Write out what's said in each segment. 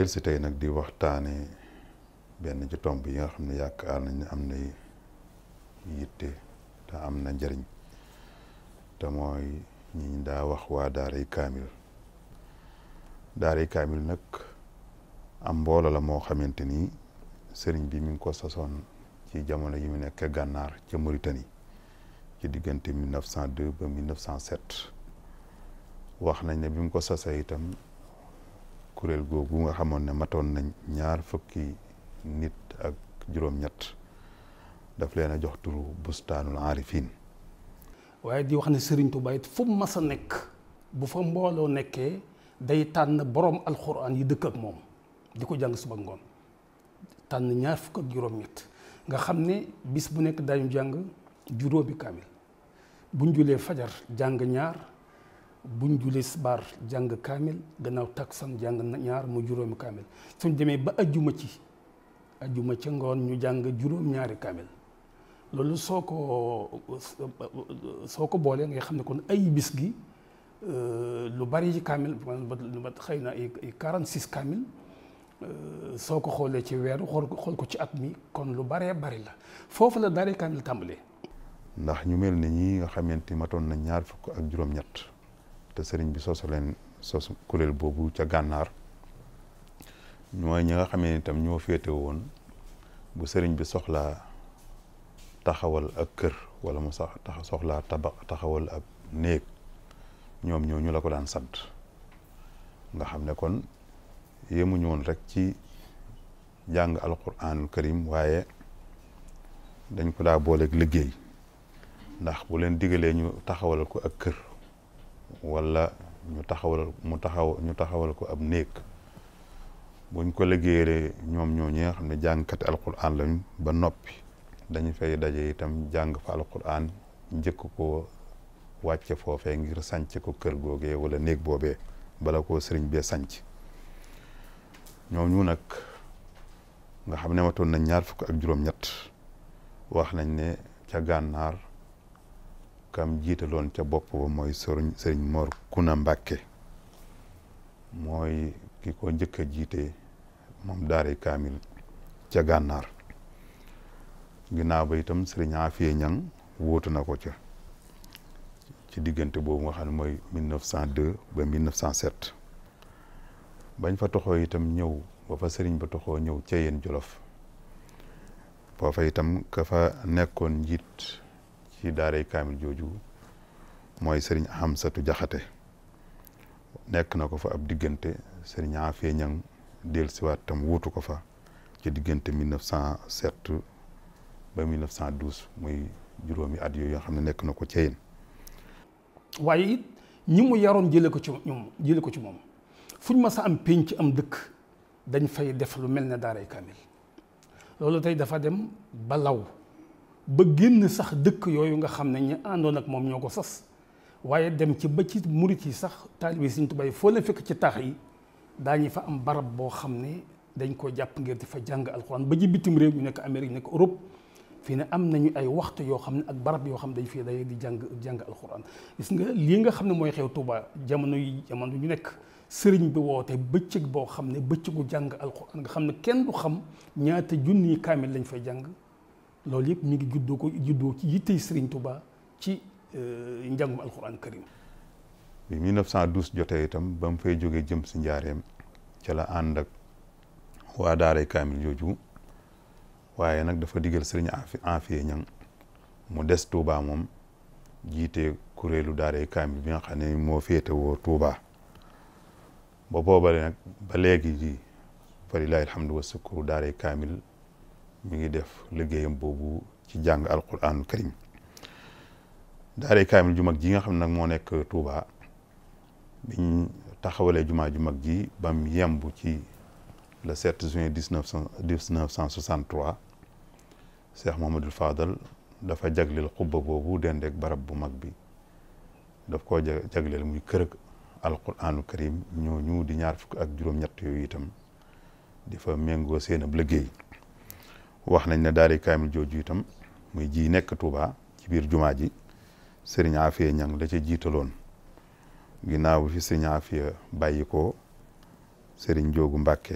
del si tey nag di waxtaane benn ci tomb yi nga xam ne yaakaar nañ ne am na yitte te am na njariñ te mooy ñi daa wax waa daaray kaamil daaray kaamil nag am mbooloo la moo xamante ni sëriñ bi mi ngi ko sasoon ci jamono yi mu nekk gànnaar ca Mauritanie ci diggante 1902 ba 1907 wax nañ ne bi mu ko sasee itam kuréel googu nga xamoon ne matoon nañ ñaar fukki nit ak juróom-ñett daf leen a jox turu bustaanul aarifin waaye di wax ne Serigne Touba it fu mu nekk bu fa mbooloo nekkee day tànn boroom alxuraan yi dëkk ak moom di ko jàng suba ngoon tànn ñaar fukk ak juróom-ñett nga xam ne bis bu nekk dañu jàng juróomi kaamil buñ julee fajar jàng ñaar. buñ julee subaar jàng kaamil gannaaw taksan jàng ñaar mu juróomi kaamil suñ demee ba ajjuma ci ajjuma ci ngoon ñu jàng juróom-ñaari kaamil loolu soo ko soo ko boolee ngay xam ne kon ay bis gi euh, lu bari ci kaamil lu xëy na ay ay 46 kaamil euh, soo ko xoolee ci weeru xool ko ci at mi kon lu baree bari la foofu la daare kaamil tàmbalee. ndax ñu mel ni ñi nga xamante ni matoon na ñaar fukk ak juróom-ñett. te sëriñ bi soso leen sos kurel bobu ca ganar. ñoy ñi nga xamé ni tam ñoo fété woon bu sëriñ bi soxla taxawal ak kër wala mu sax tax soxla tabax taxawal ab néeg ñom ñoo ñu la ko daan sant nga xamné kon iya woon rek ci jang alquranul karim waye dañ ko bolé ak liggéey ndax bu len digalee ñu taxawal ko ak kër wala ñu taxawal mu taxaw ñu taxawal ko ab néeg buñ ko liggéeyee ñoom ñoo ñi nga xam ne jàngkati alquran lañ ba noppi dañu fay daje itam jàng fa alquran njëkk ko wàcce foofee ngir sanc ko kër googee wala néeg boobee bala koo sëriñ bee sañc ñoom ñu nag nga xam ne matoon nañ ñaar fukk ak juróom-ñett wax nañ ne ca gànnaar kam loon ca bopp ba mooy sëriñ sëriñ Mor Kuna Mbàkke mooy ki ko njëkk a jiite moom daare kaamil ca gànnaar ginnaaw ba itam sëriñ Afiye Ñang wóotu na ko ca ci diggante boobu nga xam ne mooy 1902 ba 1907 bañ fa toxoo itam ñëw ba fa sëriñ ba toxoo ñëw ca yéen Jolof boo fa itam ka fa nekkoon njiit ci daaray kaamil jooju mooy sëriñ Hamsatu Jaxate nekk na ko fa ab diggante sëriñ Afee Ñang dellusiwaat tam wuutu ko fa ci diggante 1907 ba 1912 mooy juróomi at yooyu nga xam ne nekk na ko ceyin waaye it ñi mu yaroon jële ko ci ko ci moom fuñ ma sa am pénc am dëkk dañ fay def lu mel ne daaray kaamil loolu tey dafa dem balaw ba génn sax dëkk yooyu nga xam ne ñu àndoon ak moom ñoo ko sas waaye dem ci ba ci murit yi sax taalibe Sëriñ Tuubaa yi foo la fekk ci taax yi daañu fa am barab boo xam ne dañ ko jàpp ngir di fa jàng alxuraan ba ci bitim réew ñu nekk Amérique nekk Europe fii ne am nañu ay waxtu yoo xam ne ak barab yoo xam ne dañ fii day di jàng jàng gis nga lii nga xam ne mooy xew Tuubaa jamono yi jamono ñu nekk sëriñ bi woote bëccëg boo xam ne bëccëgu jàng alxuraan nga xam ne kenn du xam ñaata junni kaamil lañ fay jàng loolu yëpp mi ngi juddoo ko juddoo ci yittey Serigne Touba ci euh, njàngum alxuraan karim bi 1912 jotee itam ba mu fay jógee jëm si njaareem ca la ànd ak waa daaray kaamil jooju waaye nag dafa digal Serigne Afia Ñang mu des Touba moom jiite kuréelu daaray kaamil bi nga ne moo féete woo Touba ba boobale nag ba léegi ji fa lillaahi alhamdu wa sukuru daaray mi ngi def liggéeyam boobu ci jàng alquraanul karim daaray kaamil ju mag ji nga xam nag moo nekk Touba biñ taxawalee jumaa ju mag ji bam yemb ci le 7 juin 1963 Cheikh Mouhamadoul Fadal dafa jagleel xubba boobu dendeek barab bu mag bi daf koo jagleel muy kërëg alquraanul karim ñooñu di ñaar fukk ak juróom-ñett yooyu itam di fa méngoo seen ab liggéey wax nañ ne daari kaamil jooju itam muy ji nekk Touba ci biir jumaa ji sëriñ Afia ñang la ca jiitaloon ginnaaw bi fi sëriñ Afia bàyyi ko sëriñ Joogu mbakke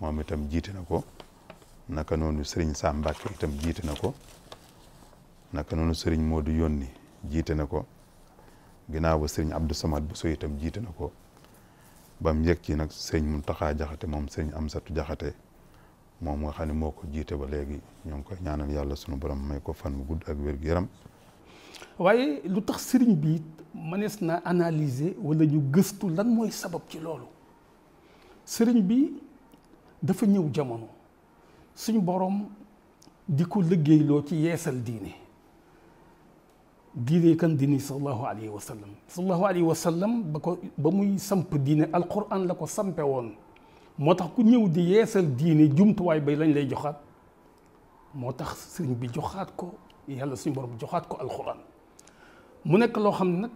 moom itam jiite na ko naka noonu sëriñ Sam Mbàkke jiite na ko naka noonu sëriñ Moodu yonni jiite na ko ginnaaw ba sëriñ Abdou Samad Bousso itam jiite na ko bam yegg ci nag sëriñ Muntaxa Jaxate moom sëriñ Amsatu jakate moom nga xam ne moo ko jiite ba léegi ñoo ngi koy ñaanal yàlla sunu borom may ko fan bu gudd ak wér-gu-yaram. waaye lu tax sëriñ bi mënees na analyser wala ñu gëstu lan mooy sabab ci loolu sëriñ bi dafa ñëw jamono suñ borom di ko liggéeyloo ci yeesal diine diine kan dini sallallahu alayhi wa sallam sallallahu alayhi wa ba ko ba muy samp diine alquran la ko sampe woon motax ku ñëw di yeesal diine jumtu way bay lañ lay joxat motax señ bi joxat ko yàlla suñu borom joxat ko alquran mu nek lo xam nak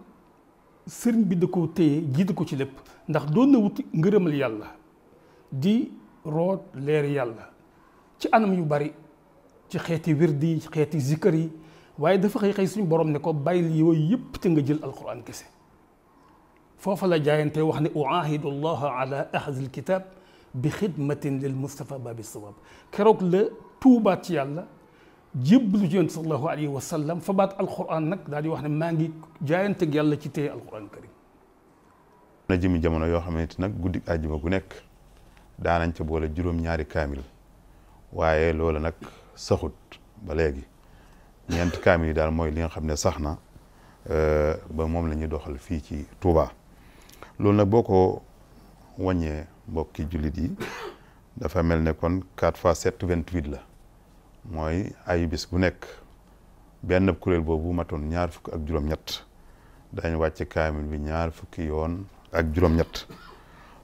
señ bi da ko téye jiitu ko ci lépp ndax do na wut ngeureumal yàlla di root leer yàlla ci anam yu bari ci xeeti wirdi ci xeeti zikkar yi waaye dafa xëy xëy suñu borom ne ko bayil yoy yep te nga jël alquran kesse fofa la jaayante wax ne uaahidu ala ahzil kitab بخدمة للمصطفى باب الصواب كروك لا توبة يالله جيب جنت صلى الله عليه وسلم فبات القرآن نك داري واحد مانجي جاين تجعل كتير القرآن الكريم نجم جمعنا يا حميد نك قديك أجيب أقولك دعنا نجبول الجروم نياري كامل وعي لولا نك سخط بلاجي نيانت كامل دار موي لين خبنا سخنا آه، بمهم لن يدخل فيه توبة لولا بوكو وانيه mbokki jullit yi dafa mel ne kon quatre fois sept vingt-huit la mooy ay bis bu nekk benn kuréel boobu matoon ñaar fukk ak juróom-ñett dañ wàcc kaamil bi ñaar fukki yoon ak juróom-ñett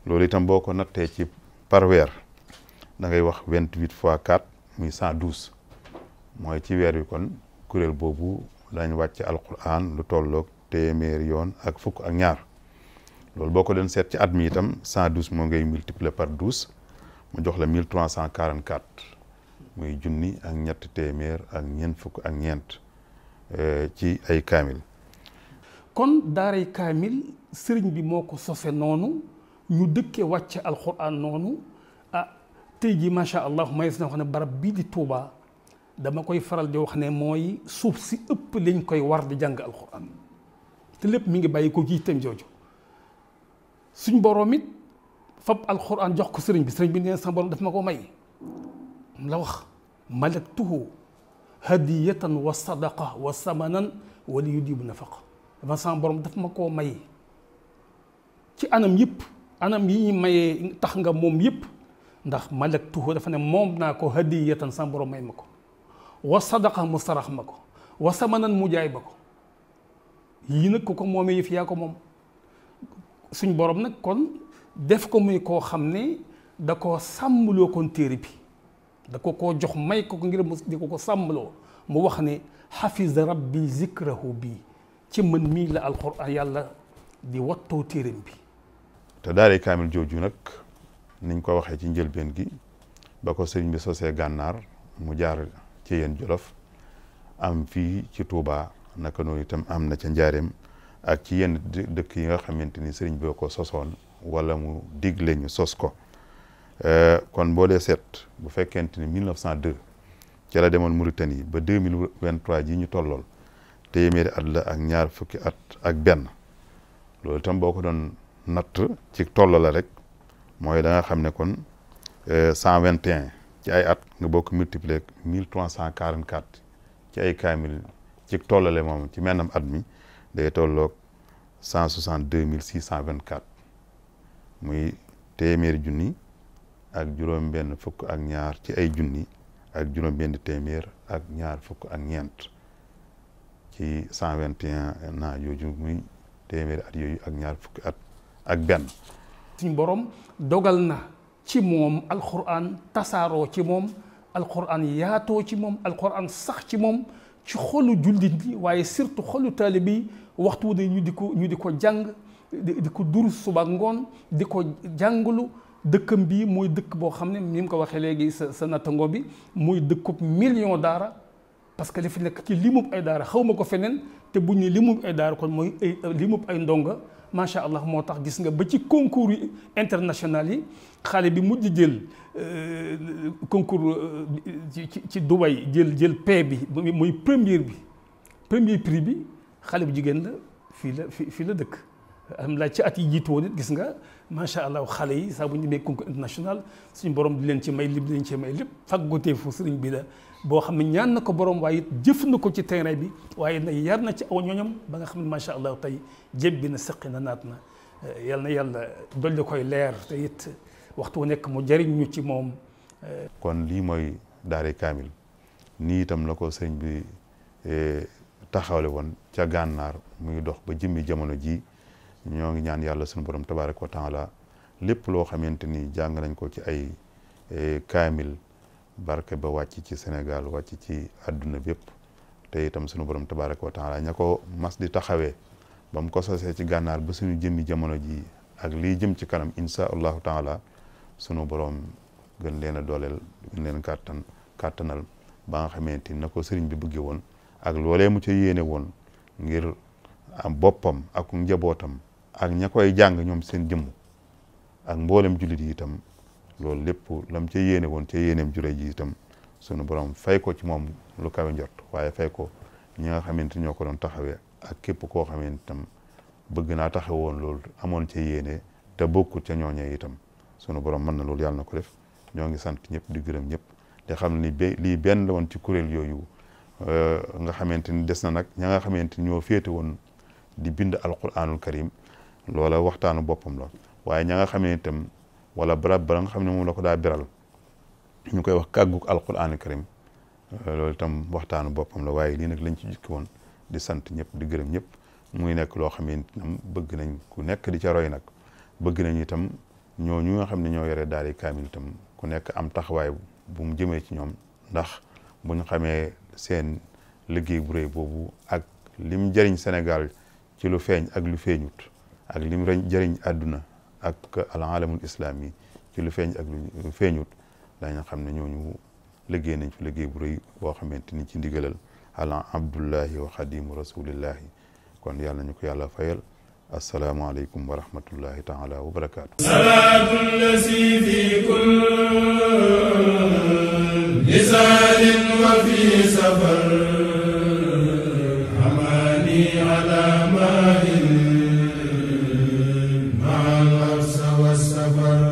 loolu itam boo ko nattee ci par weer da ngay wax vingt-huit fois quatre muy cent douze mooy ci weer wi kon kuréel boobu lañ wàcc alquran lu tolloog téeméeri yoon ak fukk ak ñaar lol boko ko set ci admi tam 112 mo ngay multiplier par 12 mu jox la 1344 muy junni ak ñett témèr ak ñen fuk ak euh ci ay kamil kon daaray kamil serigne bi moko ko nonu ñu dëkke wacc alxuraan nonu ah tey ji allah mayes na wax barab bi di Touba dama koy faral di wax ne moy suuf ci ëpp liñ koy war di jang alxuraan te lepp mi ngi bayiko ci tem jojo suñ borom it fab alxuraan jox ko sëriñ bi sëriñ bi neen sama borom daf ma ko may la wax malaktuhu hadiyatan wa sadaqa wa samanan wala yudibu nafaqa dafa sama borom daf ma koo may ci anam yëpp anam yi ñi maye tax nga moom yëpp ndax malaktuhu dafa ne moom naa ko hadiyatan sama borom may ma ko wa sadaqa mu sarax ma ko wa samanan mu jaay ma ko yii nag ku ko moomee yëf yaa ko moom suñ borom nag kon def ko muy koo xam ne da koo sàmmloo kon téere bi da ko koo jox may ko ngir mu di ko ko sàmmloo mu wax ne xafisa rabbi zikrahu bi ci man mii la alquran yàlla di wattoo téereem bi te daaree kaamil jooju nag niñ ko waxee ci njëlbeen gi ba ko sëriñ bi sosee gànnaar mu jaar ci yéen jolof am fii ci Touba naka noonu itam am na ca njaareem ak ci yenn dëkk yi nga xamante ni sëriñ bi ko sosoon wala mu digle ñu sos ko euh, kon boo dee set bu fekkente ni 1902 ci la demoon Mauritanie ba 2023 ji ñu tollool téeméeri at la ak ñaar fukki at ak benn loolu itam boo ko doon natt ci toll la rek mooy da nga xam ne kon euh, cent 121 ci ay at nga bokk multiplier 1344 ci ay kaamil ci tollale moom ci mennam at mi day tolloog cent soixante mille six cent vingt quatre muy téeméeri junni ak juróom-benn fukk ak ñaar ci ay junni ak juróom-benn téeméer ak ñaar fukk ak ñeent ci cent vingt et un na muy téeméeri at yooyu ak ñaar fukki at ak benn. suñ borom dogal na ci moom alxuraan tasaaroo ci moom alxuraan yaatoo ci moom alxuraan sax ci moom ci xolu jullit yi waaye surtout xolu taalibe yi waxtu wu de ñu di ko ñu di ko jàng di ko durus suba ngoon di ko jàngalu dëkkam bii mooy dëkk boo xam ne ni mu ko waxee léegi sa sa nattango bi muy dëkkub million daara parce que li fi nekk ci limub ay daara xaw ma ko feneen te bu ñu limub ay daara kon mooy ay limub ay ndonga macha allah moo tax gis nga ba ci concours yi international yi xale bi mujj jël euh, concours euh, ci ci Dubaï jël jël paie bi muy première bi premier prix bi. xale bu jigéen la fii la fii fii la dëkk alhamdulilah ci at yi jiitu woon gis nga macha allah xale yi saa bu ñu demee concours international suñu borom di leen ci may lépp di leen may lépp fàggotee fu sëriñ bi la boo xam ne ñaan na ko borom waaye it jëf na ko ci terrain bi waaye nag yar na ci aw ñoñam ba nga xam ne macha allah tey jéb na sëqi na naat na eh, yal na yàlla dolli koy leer te it waxtu wu nekk mu jëriñ ñu ci moom. Eh. kon lii mooy Daaray Kaamil nii itam la ko sëriñ bi. Eh, taxawle woon ca gànnaar muy dox ba jëmmi jamono ji ñoo ngi ñaan yàlla suñu borom tabaaraka wa taala lépp loo xamante ni jàng nañ ko ci ay e, kaamil barke ba wàcc ci Sénégal wàcc ci àdduna bépp te itam sunu borom tabaaraka wa taala ña ko mas di taxawee ba mu ko sosee ci gànnaar ba suñu jëmmi jamono ji ak lii jëm ci kanam insha allahu taala sunu borom gën leen a dooleel leen kàttan kàttanal ba nga xamante ni na ko sëriñ bi bëggee woon ak loolee mu ca yéene woon ngir am boppam ak njabootam ak ña koy jàng ñoom seen jëmm ak mboolem jullit yi itam loolu lépp lam ca yéene woon ca yéeneem jure ji itam sunu borom fay ko ci moom lu kawe njort waaye fay ko ñi nga xamante ñoo ko doon taxawee ak képp koo xamante itam bëgg naa taxaw woon lool amoon ca yéene te bokkul ca ñooñee itam sunu borom mën na loolu yàlla na ko def ñoo ngi sant ñëpp di gërëm ñëpp di xam ne lii benn la woon ci kuréel yooyu Euh, nga xamante ni des na nag ña nga xamante ni ñoo féete woon di bind alquranul karim loola waxtaanu boppam la waaye ña nga xam ne itam wala barab ba nga xam ne moom la ko daa beral ñu koy wax kàgguk alquranul karim euh, loolu itam waxtaanu boppam la waaye lii nag lañ ci jukki woon di sant ñëpp di gërëm ñëpp muy nekk loo xam ne itam bëgg nañ ku nekk di ca roy nag bëgg nañ itam ñooñu nga xam ne ñoo yore daal di kaamil ku nekk am taxawaay bu mu jëmee ci ñoom ndax buñ xamee seen liggéey bu rëy boobu ak lim jëriñ Sénégal ci lu feeñ ak lu feeñut ak lim jëriñ àdduna ak alaalamul islaam yi ci lu feeñ ak lu feeñut dañu xam ne ñooñu liggéey nañ fi liggéey bu rëy boo xamante ni ci ndigalal ala abdullahi wa xadimu rasulillahi kon yàlla ñu ko yàlla fayal السلام عليكم ورحمة الله تعالى وبركاته سلام الذي في كل نزال وفي سفر